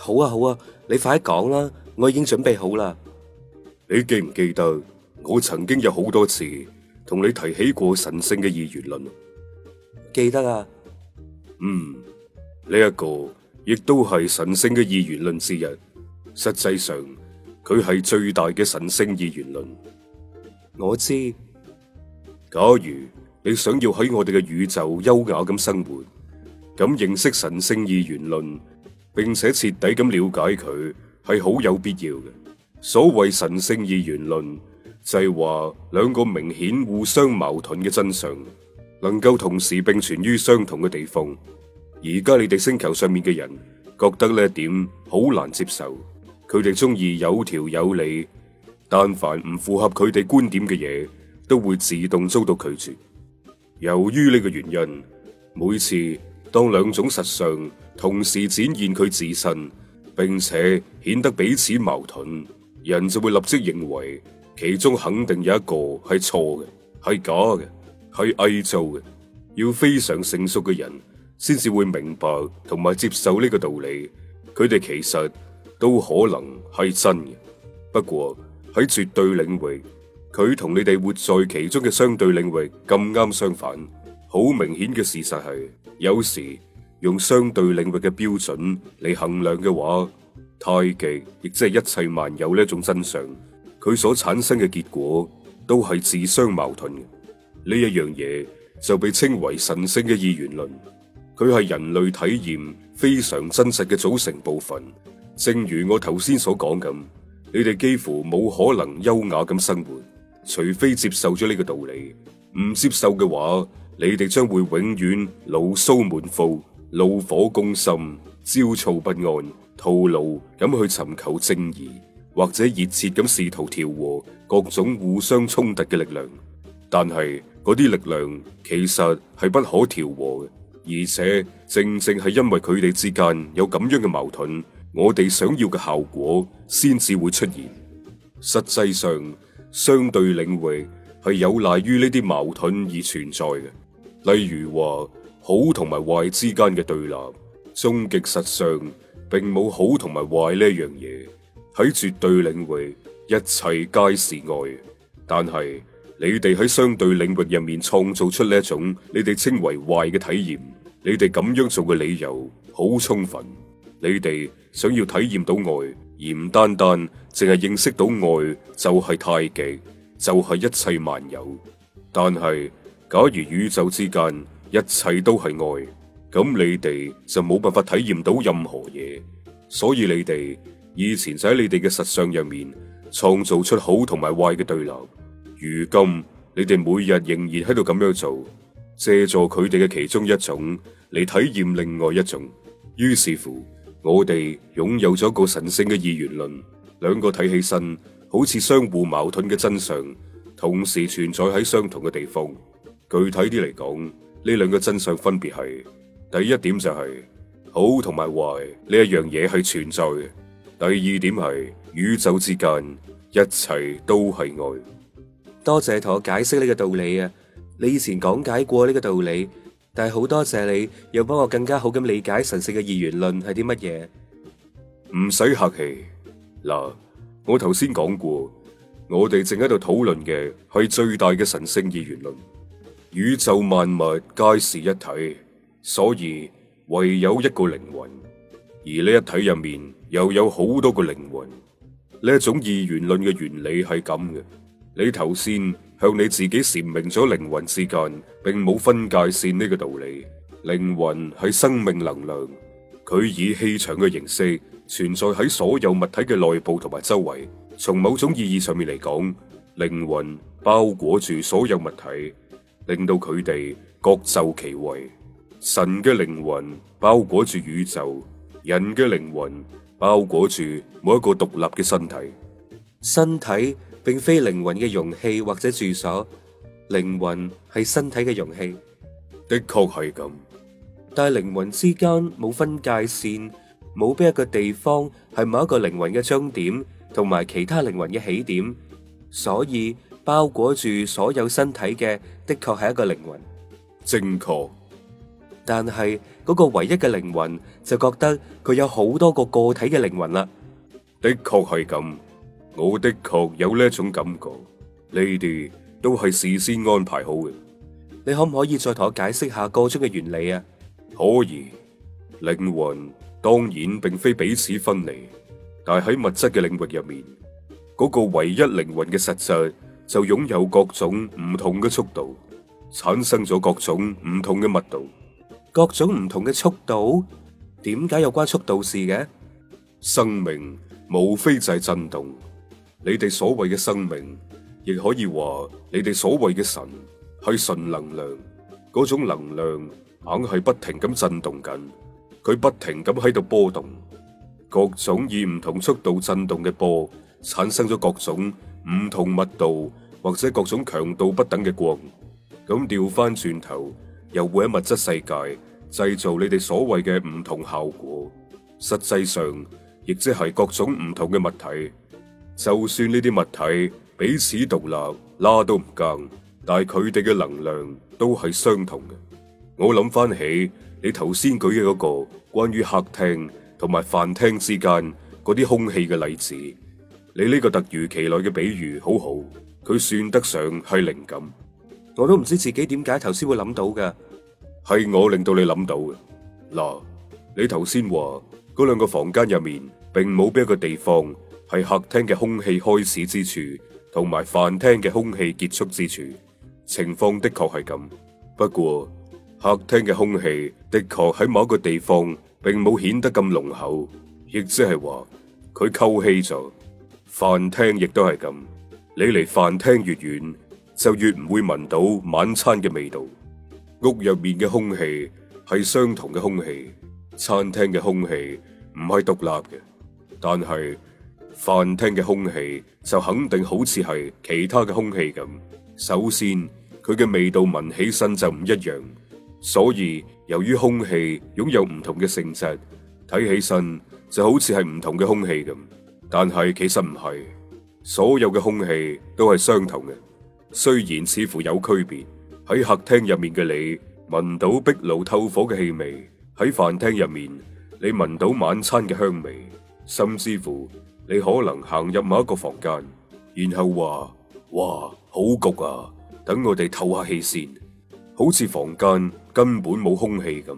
好啊，好啊，你快啲講啦，我已經準備好啦。你記唔記得我曾經有好多次同你提起過神聖嘅二元論？記得啊。嗯，呢一個亦都係神聖嘅二元論之一。實際上，佢係最大嘅神聖二元論。我知。假如你想要喺我哋嘅宇宙優雅咁生活，咁認識神聖二元論，並且徹底咁了解佢係好有必要嘅。所謂神聖二元論，就係話兩個明顯互相矛盾嘅真相，能夠同時並存於相同嘅地方。而家你哋星球上面嘅人覺得呢一點好難接受，佢哋中意有條有理，但凡唔符合佢哋觀點嘅嘢，都會自動遭到拒絕。由於呢個原因，每次當兩種實相，同時展現佢自身，並且顯得彼此矛盾，人就會立即認為其中肯定有一個係錯嘅，係假嘅，係偽造嘅。要非常成熟嘅人，先至會明白同埋接受呢個道理。佢哋其實都可能係真嘅，不過喺絕對領域，佢同你哋活在其中嘅相對領域咁啱相反。好明顯嘅事實係，有時。用相對領域嘅標準嚟衡量嘅話，太極，亦即係一切萬有呢種真相，佢所產生嘅結果，都係自相矛盾嘅。呢一樣嘢，就被稱為神聖嘅二元論。佢係人類體驗非常真實嘅組成部分。正如我頭先所講噉，你哋幾乎冇可能優雅噉生活，除非接受咗呢個道理。唔接受嘅話，你哋將會永遠牢騷滿腹，怒火攻心、焦躁不安、徒勞咁去尋求正義，或者熱切咁試圖調和各種互相衝突嘅力量，但係嗰啲力量其實係不可調和嘅，而且正正係因為佢哋之間有咁樣嘅矛盾，我哋想要嘅效果先至會出現。實際上，相對領域係有賴於呢啲矛盾而存在嘅，例如話。好同埋壞之間嘅對立，終極實上並冇好同埋壞呢樣嘢，喺絕對領域，一切皆是愛。但係你哋喺相對領域入面創造出呢一種你哋稱為壞嘅體驗，你哋咁樣做嘅理由好充分。你哋想要體驗到愛，而唔單單淨係認識到愛，就係太極，就係一切萬有。但係假如宇宙之間，一切都係愛，咁你哋就冇辦法體驗到任何嘢，所以你哋以前就喺你哋嘅實相入面創造出好同埋壞嘅對立。如今你哋每日仍然喺度咁樣做，借助佢哋嘅其中一種嚟體驗另外一種。於是乎，我哋擁有咗個神聖嘅二元論，兩個睇起身好似相互矛盾嘅真相，同時存在喺相同嘅地方。具體啲嚟講。呢兩個真相分別係：第一點就係、是、好同埋壞呢一樣嘢係存在；第二點係、就是、宇宙之間一切都係愛。多謝同我解釋呢個道理啊！你以前講解過呢個道理，但係好多謝你又幫我更加好咁理解神聖嘅二元論係啲乜嘢。唔使客氣，嗱，我頭先講過，我哋正喺度討論嘅係最大嘅神聖二元論。宇宙萬物皆是一體，所以唯有一個靈魂。而呢一體入面又有好多個靈魂。呢一種二元論嘅原理係咁嘅。你頭先向你自己闡明咗靈魂之間並冇分界線呢個道理。靈魂係生命能量，佢以氣場嘅形式存在喺所有物體嘅內部同埋周圍。從某種意義上面嚟講，靈魂包裹住所有物體。令到佢哋各就其位。神嘅靈魂包裹住宇宙，人嘅靈魂包裹住每一個獨立嘅身體。身體並非靈魂嘅容器或者住所，靈魂係身體嘅容器。的確係咁，但係靈魂之間冇分界線，冇邊一個地方係某一個靈魂嘅終點，同埋其他靈魂嘅起點，所以。包裹住所有身體嘅的確係一個靈魂，正確。但係嗰個唯一嘅靈魂就覺得佢有好多個個體嘅靈魂啦。的確係咁，我的確有呢種感覺。呢啲都係事先安排好嘅。你可唔可以再同我解釋下個中嘅原理啊？可以，靈魂當然並非彼此分離，但係喺物質嘅領域入面，嗰個唯一靈魂嘅實在。就擁有各種唔同嘅速度，產生咗各種唔同嘅密度。各種唔同嘅速度，點解有關速度事嘅？生命無非就係震動。你哋所謂嘅生命，亦可以話你哋所謂嘅神係純能量。嗰種能量，硬係不停咁震動緊。佢不停咁喺度波動，各種以唔同速度震動嘅波，產生咗各種。唔同密度或者各種強度不等嘅光，咁調翻轉頭又會喺物質世界製造你哋所謂嘅唔同效果。實際上，亦即係各種唔同嘅物體，就算呢啲物體彼此獨立拉都唔夠，但係佢哋嘅能量都係相同嘅。我諗翻起你頭先舉嘅嗰個關於客廳同埋飯廳之間嗰啲空氣嘅例子。你呢個突如其來嘅比喻好好，佢算得上係靈感。我都唔知自己點解頭先會諗到嘅，係我令到你諗到嘅。嗱，你頭先話嗰兩個房間入面並冇邊一個地方係客廳嘅空氣開始之處，同埋飯廳嘅空氣結束之處。情況的確係咁，不過客廳嘅空氣的確喺某一個地方並冇顯得咁濃厚，亦即係話佢溝氣咗。飯廳亦都係咁，你離飯廳越遠，就越唔會聞到晚餐嘅味道。屋入面嘅空氣係相同嘅空氣，餐廳嘅空氣唔係獨立嘅，但係飯廳嘅空氣就肯定好似係其他嘅空氣咁。首先，佢嘅味道聞起身就唔一樣，所以由於空氣擁有唔同嘅性質，睇起身就好似係唔同嘅空氣咁。但係其實唔係，所有嘅空氣都係相同嘅。雖然似乎有區別，喺客廳入面嘅你聞到壁爐透火嘅氣味，喺飯廳入面你聞到晚餐嘅香味，甚至乎你可能行入某一個房間，然後話：哇，好焗啊！等我哋透下氣先，好似房間根本冇空氣咁。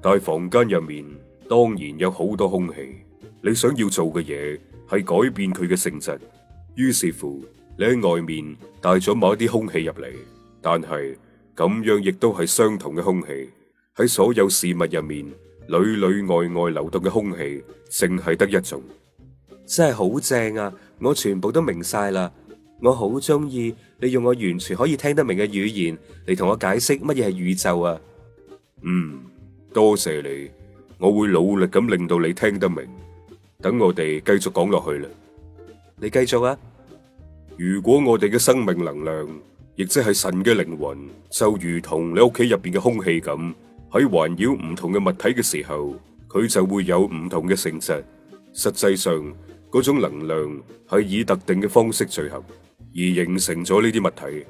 但係房間入面當然有好多空氣，你想要做嘅嘢。係改變佢嘅性質，於是乎你喺外面帶咗某一啲空氣入嚟，但係咁樣亦都係相同嘅空氣。喺所有事物入面，裏裏外外流動嘅空氣，淨係得一種。真係好正啊！我全部都明晒啦，我好中意你用我完全可以聽得明嘅語言嚟同我解釋乜嘢係宇宙啊！嗯，多謝你，我會努力咁令到你聽得明。等我哋繼續講落去啦，你繼續啊。如果我哋嘅生命能量，亦即係神嘅靈魂，就如同你屋企入邊嘅空氣咁，喺環繞唔同嘅物體嘅時候，佢就會有唔同嘅性質。實際上，嗰種能量係以特定嘅方式聚合而形成咗呢啲物體。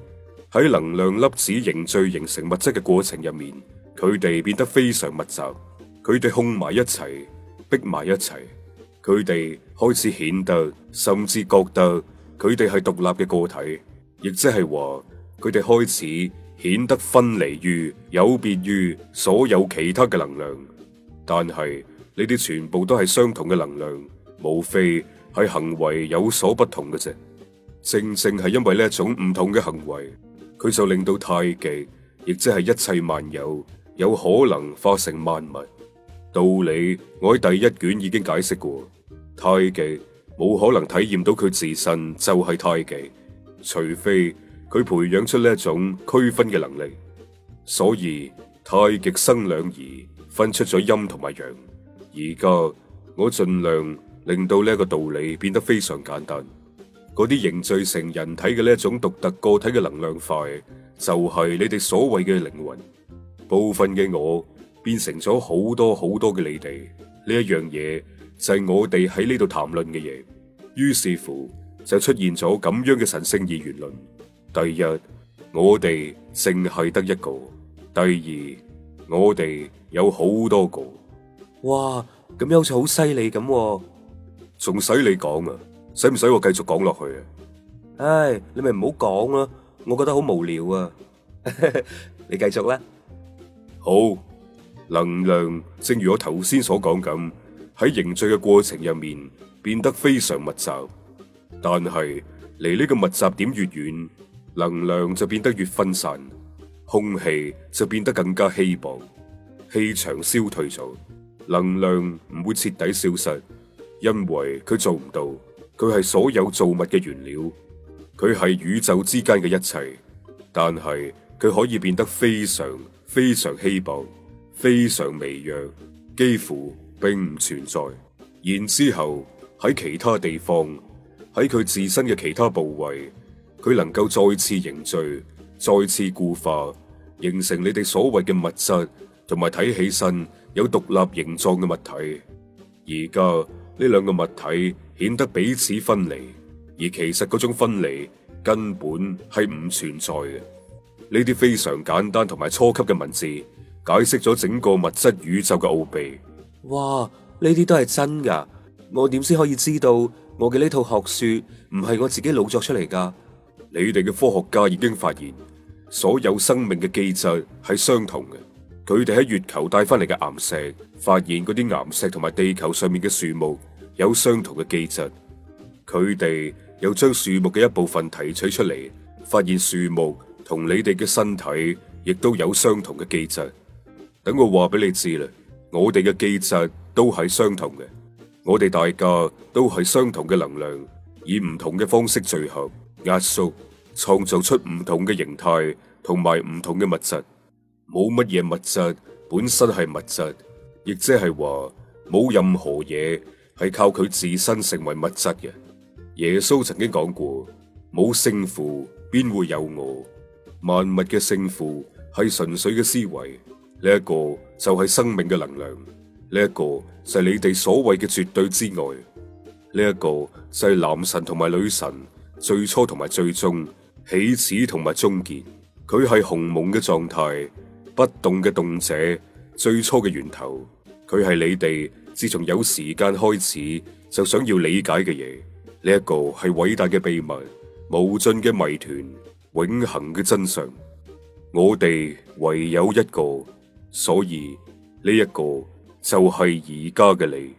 喺能量粒子凝聚形成物質嘅過程入面，佢哋變得非常密集，佢哋控埋一齊，逼埋一齊。佢哋開始顯得，甚至覺得佢哋係獨立嘅個體，亦即係話佢哋開始顯得分離於、有別於所有其他嘅能量。但係呢啲全部都係相同嘅能量，無非係行為有所不同嘅啫。正正係因為呢一種唔同嘅行為，佢就令到太極，亦即係一切萬有有可能化成萬物。道理我喺第一卷已經解釋過。太極冇可能體驗到佢自身就係太極，除非佢培養出呢一種區分嘅能力。所以太極生兩儀，分出咗陰同埋陽。而家我盡量令到呢一個道理變得非常簡單。嗰啲凝聚成人體嘅呢一種獨特個體嘅能量塊，就係你哋所謂嘅靈魂部分嘅我，變成咗好多好多嘅你哋呢一樣嘢，就係我哋喺呢度談論嘅嘢，於是乎就出現咗咁樣嘅神聖二元論。第一，我哋淨係得一個；第二，我哋有好多個。哇，咁樣好似好犀利咁。仲使你講啊？使唔使我繼續講落去啊？唉，你咪唔好講啦，我覺得好無聊啊。 你繼續啦。好，能量正如我頭先所講咁。喺凝聚嘅過程入面，變得非常密集。但係，離呢個密集點越遠，能量就變得越分散，空氣就變得更加稀薄。氣場消退咗，能量唔會徹底消失，因為佢做唔到。佢係所有造物嘅原料，佢係宇宙之間嘅一切。但係，佢可以變得非常非常稀薄，非常微弱，幾乎並唔存在。然之後喺其他地方，喺佢自身嘅其他部位，佢能夠再次凝聚、再次固化，形成你哋所謂嘅物質，同埋睇起身有獨立形狀嘅物體。而家呢兩個物體顯得彼此分離，而其實嗰種分離根本係唔存在嘅。呢啲非常簡單同埋初級嘅文字，解釋咗整個物質宇宙嘅奧秘。哇！呢啲都係真噶，我點先可以知道我嘅呢套學說唔係我自己老作出嚟噶？你哋嘅科學家已經發現，所有生命嘅機制係相同嘅。佢哋喺月球帶翻嚟嘅岩石，發現嗰啲岩石同埋地球上面嘅樹木有相同嘅機制。佢哋又將樹木嘅一部分提取出嚟，發現樹木同你哋嘅身體亦都有相同嘅機制。等我話俾你知啦。我哋嘅機制都係相同嘅，我哋大家都係相同嘅能量，以唔同嘅方式聚合，壓縮，創造出唔同嘅形態同埋唔同嘅物質。冇乜嘢物質本身係物質，亦即係話冇任何嘢係靠佢自身成為物質嘅。耶穌曾經講過：冇聖父，邊會有我？萬物嘅聖父係純粹嘅思維。呢一個就係生命嘅能量，呢一個就係你哋所謂嘅絕對之外，呢一個就係男神同埋女神最初同埋最終，起始同埋終結，佢係鴻蒙嘅狀態，不動嘅動者，最初嘅源頭，佢係你哋自從有時間開始就想要理解嘅嘢，呢一個係偉大嘅秘密，無盡嘅謎團，永恒嘅真相，我哋唯有一個。所以呢一個就係而家嘅你。